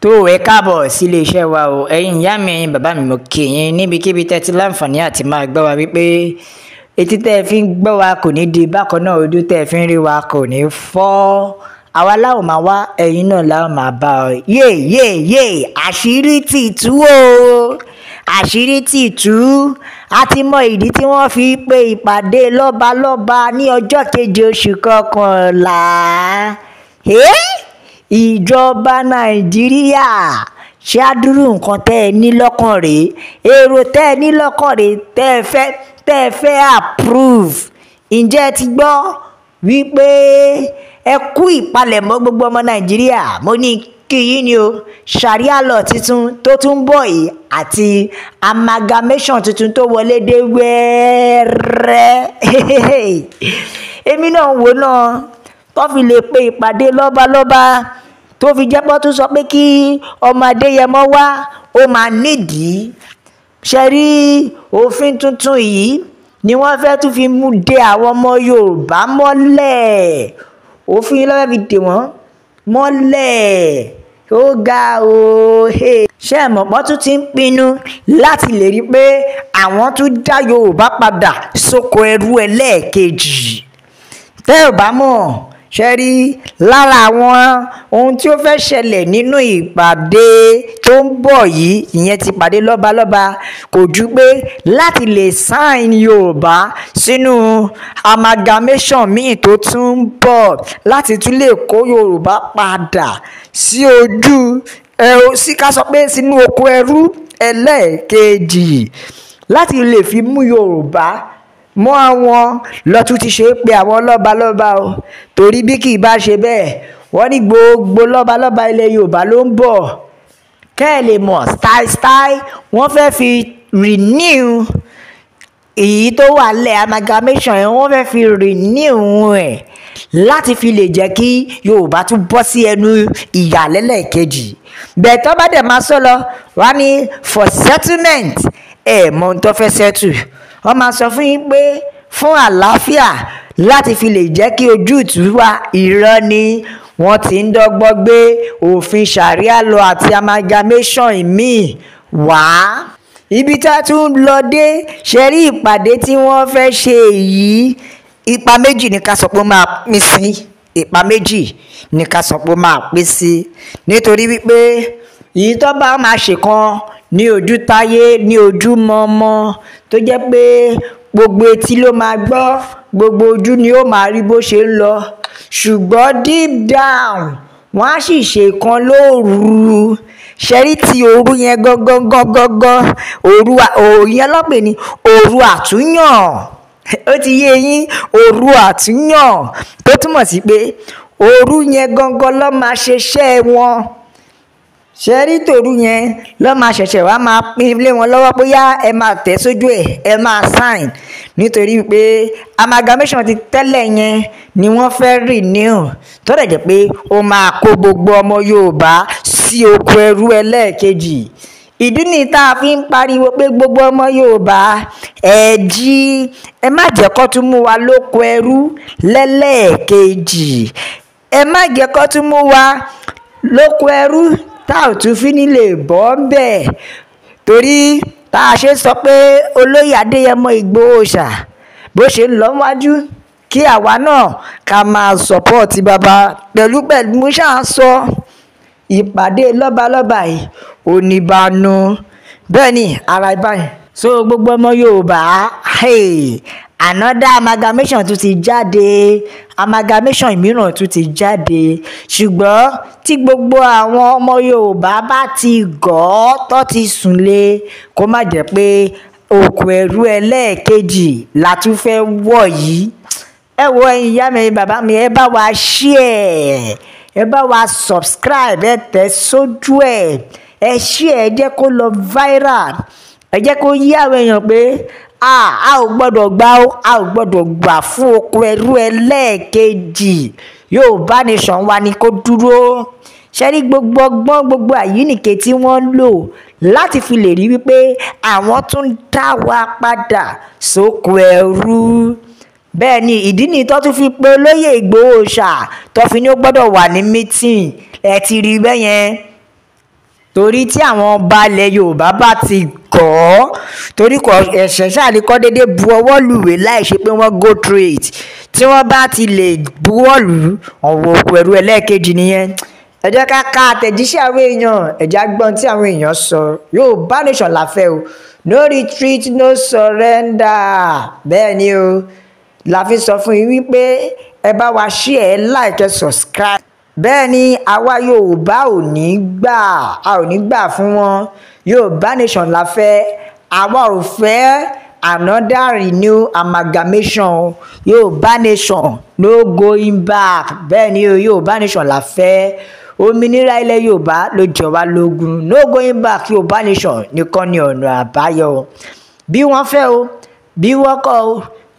tó ẹ káàbọ̀ sí iléeṣẹ́ wa o ẹ̀yin ìyá mi ẹ̀yin bàbá mi mo kí yín níbikíbi tẹ́ ti láǹfààní àti máa gbọ́ wa wípé etí tẹ́ ẹ fi ń gbọ́ wa kò ní di bákan náà ojú tẹ́ ẹ fi ń rí wa kò ní fọ́ àwa láwọn máa wá ẹ̀yin náà láwọn máa bá ọ yé yé yé àṣírí ti tú o àṣírí ti tú a ti mọ ìdí tí wọ́n fi pe ìpàdé lọ́balọ́ba ní ọjọ́ keje oṣù kọkànlá. Eh? ìjọba nàìjíríà ṣe àdúrú nǹkan tẹ́ ẹ ní lọ́kàn rèé èrò tẹ́ ẹ ní lọ́kàn rèé tẹ́ ẹ fẹ́ tẹ́ ẹ fẹ́ approve ǹjẹ́ ẹ ti gbọ́ wípé ẹ kú ìpalẹ̀mọ́ gbogbo ọmọ nàìjíríà mo ní kí ni o sharia law tuntun tó tún bọ̀ yìí àti amalgamation tuntun tó wọlé dé wẹ́ẹ́rẹ́ èmi náà wò náà tó fi lè pe ìpàdé lọ́balọ́ba tó fi jẹ́pọ́ tún sọ pé kí ọmọ adéyẹmọ wá ó máa nídìí ṣe rí òfin tuntun yìí ni wọ́n fẹ́ tún fi mú de àwọn ọmọ yorùbá mọ́lẹ̀ òfin yìí lọ́wọ́ fi dè wọ́n mọ́lẹ̀ ó ga o ṣé ẹ̀mọ̀pọ̀ tún ti ń pinnu láti lè rí i pé àwọn tún dá yorùbá padà sóko ẹrú ẹlẹ́ẹ̀kejì tẹ́ ò bá mọ̀ ṣe rí lára àwọn ohun tí ó fẹ́ ṣẹlẹ̀ nínú ìpàdé tó ń bọ̀ yìí ìyẹn ti pàdé lọ́balọ́ba kò ju pé láti lè sáìn yorùbá sínú amalgamation míì tó tún ń bọ̀ láti tún lè kó yorùbá padà sí ojú ẹ sí ká sọ pé sínú oko ẹrú ẹlẹ́ẹ̀kejì láti lè fi mú yorùbá mọ́ àwọn lọ́tún ti ṣe é pé àwọn lọ́balọ́ba o torí bí kì í bá ṣe bẹ́ẹ̀ wọ́n ní gbogbo lọ́balọ́ba ilẹ̀ yorùbá ló ń bọ̀ kẹ́ ẹ̀ lè mọ̀ style style wọ́n fẹ́ fi renew èyí tó wà lẹ̀ amalgamation yẹn wọ́n fẹ́ fi renew ẹ̀ láti fi lè jẹ́ kí yorùbá tún bọ́ sí ẹnu ìyàlẹ́lẹ̀ kejì bẹ́ẹ̀ tó bá dẹ̀ máa sọ lọ wá ní for settlement ẹ̀ mọ̀ ohun tó fẹ́ settle wọ́n máa sọ fún yín pé fún àlàáfíà láti fi lè jẹ́ kí ojútùú wà irọ́ ni wọ́n ti ń dọ́gbọ́n gbé òfin ṣàríà lọ àti amalgamation míì wá ibi tá a tún lọ dé ṣe rí ìpàdé tí wọ́n fẹ́ ṣe yìí ipa méjì ni ká sọ pé ó máa pín sí ipa méjì ni ká sọ pé ó máa pín sí nítorí wípé yìí tó bá máa ṣèkan ní ojú táyé ní ojú mọ́mọ́ tó jẹ́ pé gbogbo etí ló máa gbọ́ gbogbo ojú ni ó máa rí bó ṣe ń lọ ṣùgbọ́n deep down wọ́n á sì ṣèkan lóru ṣẹ́rí ti òru yẹn gangan gangan òru òyìn ọlọ́pẹ̀ ni òru àtúnyàn ó ti yé yín òru àtúnyàn tó túmọ̀ sí pé òru yẹn gangan ló máa ṣeṣẹ́ wọn ṣe rí tòru yẹn lọ́ máa ṣẹ̀ṣẹ̀ wá máa pín lé wọn lọ́wọ́ bóyá ẹ máa tẹ̀ sójú ẹ̀ ẹ máa sign nítorí pé amalgamation ti tẹ́lẹ̀ yẹn ni wọ́n fẹ́ renew tó dẹ̀ jẹ́ pé ó máa kó gbogbo ọmọ Yorùbá sí oko ẹrú ẹlẹ́ẹ̀kejì ìdí ni tá a fi ń pariwo pé gbogbo ọmọ Yorùbá ẹ jí ẹ má jẹ́ kó tún mú wa lóko ẹrú lẹ́lẹ́ẹ̀kejì ẹ má jẹ́ kó tún mú wa lóko ẹrú tá ò tún fi ní lè bọ́ ń bẹ̀ torí tá a ṣe sọ pé olóyè adéyẹmọ ìgbòho ṣà bó ṣe ń lọ wájú kí àwa náà ká máa sọpọ́ọ̀tì bàbá pẹ̀lú pẹ̀lú mo ṣáà sọ ìpàdé lọ́balọ́ba yìí ò ní banu bẹ́ẹ̀ ni ara ìbáyìí so gbogbo ọmọ yorùbá another amalgamation tún ti jáde amalgamation mìíràn tún ti jáde ṣùgbọ́n tí gbogbo àwọn ọmọ yorùbá bá ti gọ̀ ọ́ tó ti sùn lé kó má jẹ́ pé òkú ẹrú ẹlẹ́ẹ̀kejì la tún fẹ́ wọ̀ yìí ẹ wo ẹyin ìyá mi bàbá mi ẹ bá wa share ẹ bá wa subscribe ẹ tẹ̀ sójú ẹ ẹ share ẹ jẹ́ kó lọ viral ẹ jẹ́ kó yí àwọn èèyàn pé a a ò gbọ́dọ̀ gbà ó a ò gbọ́dọ̀ gbà fún oko ẹrú ẹlẹ́ẹ̀kejì Yorùbá Nation wa ni kó dúró ṣẹ́rí gbogbo ọgbọ́n gbogbo àyíníke tí wọ́n ń lò láti fi lè rí wípé àwọn tún dá wa padà sóko ẹrú bẹ́ẹ̀ ni ìdí ni tó tún fi pé olóyè Ìgbòho ṣà tó fi ní ó gbọ́dọ̀ wà ní mítìn ẹ ti rí bẹ́yẹn torí tí àwọn baálẹ̀ yorùbá bá ti kọ́ ọ torí kò ẹ̀ṣẹ̀ ṣáàlì kọ́ déédéé bu ọwọ́ lùwé láì ṣe pé wọ́n go through it tí wọ́n bá ti lè buwọ́ lù ú ọ̀wọ̀ òkú ẹ̀rú ẹlẹ́ẹ̀kejì nìyẹn ẹ jẹ́ ká àtẹ̀jíṣẹ́ àwọn èèyàn ẹ gbọ́n tí àwọn èèyàn sọ Yorùbá nation la o no retreat no surrender bẹ́ẹ̀ ni o la sọ fún yín wípé ẹ bá wa share like ẹ subscribe bẹ́ẹ̀ ni àwa yorùbá ò ní gbà a ò ní gbà fún wọn yorùbá nation la fẹ́ àwa ò fẹ́ another renew amalgamation yorùbá nation no going back bẹ́ẹ̀ ni yorùbá nation la fẹ́ òmìnira ilẹ̀ yorùbá ló jẹ wá lógún no going back yorùbá nation nìkan ni ọ̀nà àbáyọ bí wọ́n fẹ́ o bí wọ́n kọ̀ o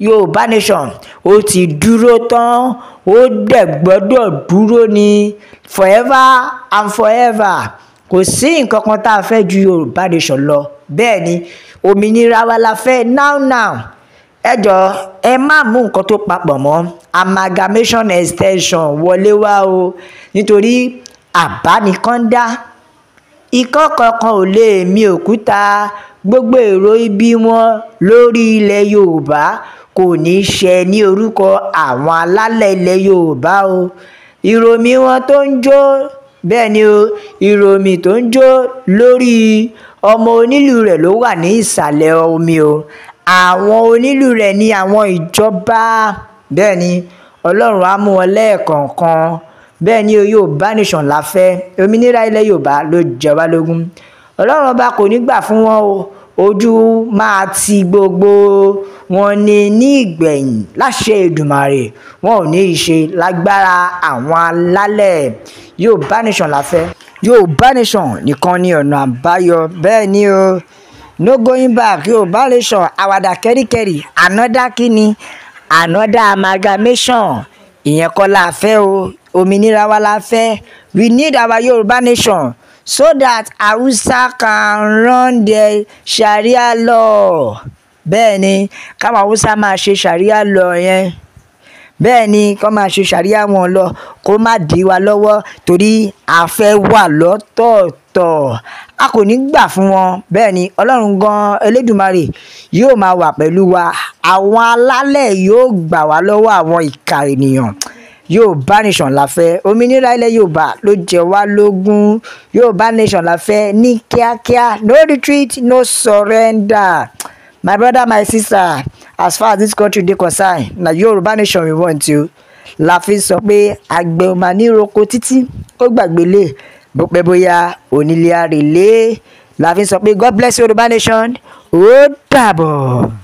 yorùbá nation ó ti dúró tán ó dẹ̀ gbọ́dọ̀ dúró ni forever and forever kò sí nǹkan kan tá a fẹ́ ju Yorùbá nation lọ bẹ́ẹ̀ ni òmìnira wa la fẹ́ now now ẹ jọ ẹ má mú nǹkan tó papọ̀ mọ́ amalgamation extension wọlé wá o nítorí àbánikán dá ikọ̀ kankan ò lè mi òkúta gbogbo èrò ibi wọn lórí ilẹ̀ yorùbá kò ní í ṣe ní orúkọ àwọn alálẹ̀ ilẹ̀ yorùbá o ìròmí wọn tó ń jó bẹ́ẹ̀ ni o ìròmí tó ń jó lórí ọmọ onílù rẹ̀ ló wà ní ìsàlẹ̀ omi o àwọn onílù rẹ̀ ni àwọn ìjọba bẹ́ẹ̀ ni ọlọ́run á mú wọn lẹ́ẹ̀kọ̀ọ̀kan bẹ́ẹ̀ ni yorùbá nation la fẹ́ òmìnira ilẹ̀ yorùbá ló jẹ wá lógún ọlọ́run ọba kò ní gbà fún wọn o ojú máa ti gbogbo wọn ni ní ìgbẹ̀yìn láṣẹ Èdùmàrè wọn ò ní í ṣe lágbára àwọn alálẹ̀ yorùbá nation la fẹ́ yorùbá nation nìkan ni ọ̀nà àbáyọ bẹ́ẹ̀ ni o no going back yorùbá nation àwàdà kẹ́ríkẹ́rí ànádá kínni ànádá amalgamation ìyẹn kọ́ la fẹ́ o òmìnira wa la fẹ́ we need our Yorùbá nation so that Hausa can run the Sharia law bẹ́ẹ̀ ni káwọn Hausa máa ṣe Sharia law yẹn bẹ́ẹ̀ ni kọ́ máa ṣe ṣàríyá wọn lọ kó má dí wa lọ́wọ́ torí àfẹ́ wà lọ́tọ̀ọ̀tọ̀ a kò ní gbà fún wọn bẹ́ẹ̀ ni ọlọ́run gan elédùmarè yóò máa wà pẹ̀lú wa àwọn alálẹ̀ yóò gbà wá lọ́wọ́ àwọn ìka ènìyàn yorùbá nation la fẹ́ òmìnira ilẹ̀ yorùbá ló jẹ wá lógún yorùbá nation la fẹ́ ní kíákíá no retreat no surrender my brother my sister as far as this country dey concern na yorùbá nation we want you. la fi sọ pé àgbẹ̀ ò mà ní roko títí ó gbàgbé lè bó bóyá onílé àrèlé la sọ pé god bless yorùbá nation ó dàbọ̀.